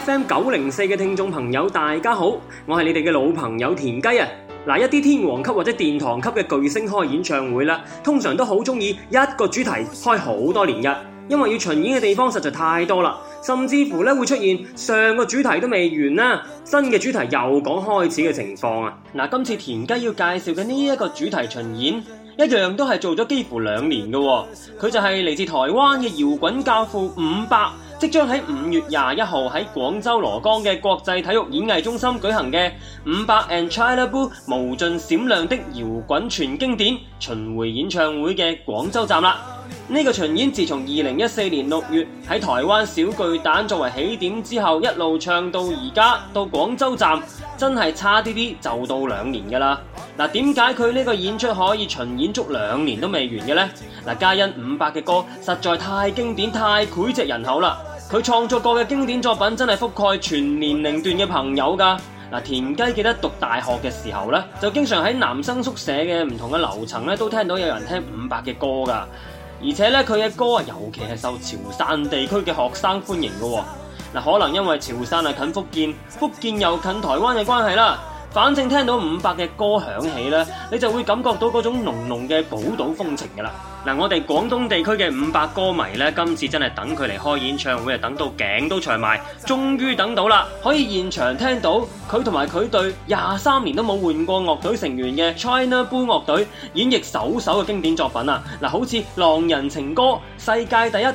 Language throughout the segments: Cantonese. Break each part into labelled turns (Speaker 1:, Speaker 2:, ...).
Speaker 1: FM 九零四嘅聽眾朋友，大家好，我係你哋嘅老朋友田雞啊！嗱，一啲天王級或者殿堂級嘅巨星開演唱會啦，通常都好中意一個主題開好多年日，因為要巡演嘅地方實在太多啦，甚至乎咧會出現上個主題都未完啦，新嘅主題又講開始嘅情況啊！嗱，今次田雞要介紹嘅呢一個主題巡演，一樣都係做咗幾乎兩年嘅，佢就係嚟自台灣嘅搖滾教父伍佰。即將喺五月廿一號喺廣州蘿崗嘅國際體育演藝中心舉行嘅《伍佰 and China Blue 無盡閃亮的搖滾全經典》巡回演唱會嘅廣州站啦！呢個巡演自從二零一四年六月喺台灣小巨蛋作為起點之後，一路唱到而家到廣州站，真係差啲啲就到兩年噶啦！嗱，點解佢呢個演出可以巡演足兩年都未完嘅呢？嗱，皆因伍佰嘅歌實在太經典、太膾炙人口啦！佢創作過嘅經典作品真係覆蓋全年齡段嘅朋友㗎。田雞記得讀大學嘅時候呢就經常喺男生宿舍嘅唔同嘅樓層呢都聽到有人聽伍佰嘅歌㗎。而且呢，佢嘅歌啊，尤其係受潮汕地區嘅學生歡迎嘅。嗱，可能因為潮汕啊近福建，福建又近台灣嘅關係啦。反正聽到伍佰嘅歌響起呢，你就會感覺到嗰種濃濃嘅寶島風情噶啦。嗱、啊，我哋廣東地區嘅伍佰歌迷呢，今次真係等佢嚟開演唱會等到頸都長埋，終於等到啦，可以現場聽到佢同埋佢隊廿三年都冇換過樂隊成員嘅 China Blue 樂隊演繹首首嘅經典作品啊！嗱，好似《浪人情歌》、《世界第一等》、《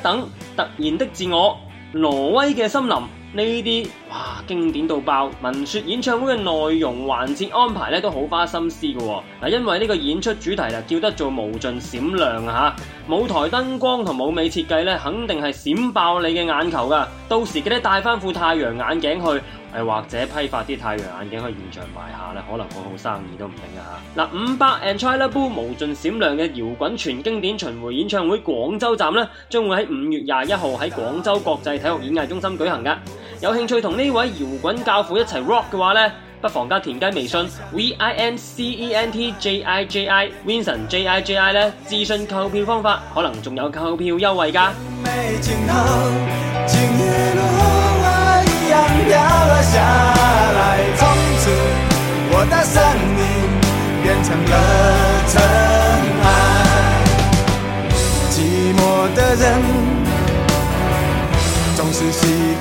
Speaker 1: 突然的自我》、《挪威嘅森林》呢啲。哇，經典到爆！文説演唱會嘅內容環節安排咧都好花心思嘅。嗱、哦，因為呢個演出主題就叫得做無盡閃亮啊吓，舞台燈光同舞美設計咧肯定係閃爆你嘅眼球噶，到時記得帶翻副太陽眼鏡去，或者批發啲太陽眼鏡去現場賣下咧，可能好好生意都唔定噶吓。嗱，伍佰 And China Blue 無盡閃亮嘅搖滾全經典巡迴演唱會廣州站咧，將會喺五月廿一號喺廣州國際體育演藝中心舉行噶。有興趣同呢位搖滾教父一齊 rock 嘅話呢，不妨加田雞微信 V I N C E N T J I J I，Vincent J I J I 呢，諮詢購票方法，可能仲有購票優惠噶。